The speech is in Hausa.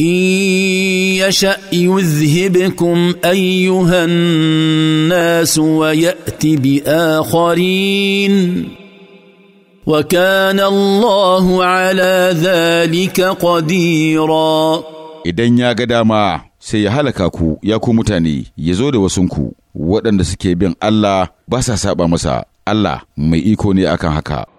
إن يشأ يذهبكم أيها الناس ويأتي بآخرين وكان الله على ذلك قديرا idan ya ga dama sai ya halaka ku ya ku mutane ya zo da wasunku waɗanda suke bin Allah ba sa saba masa Allah mai iko ne akan haka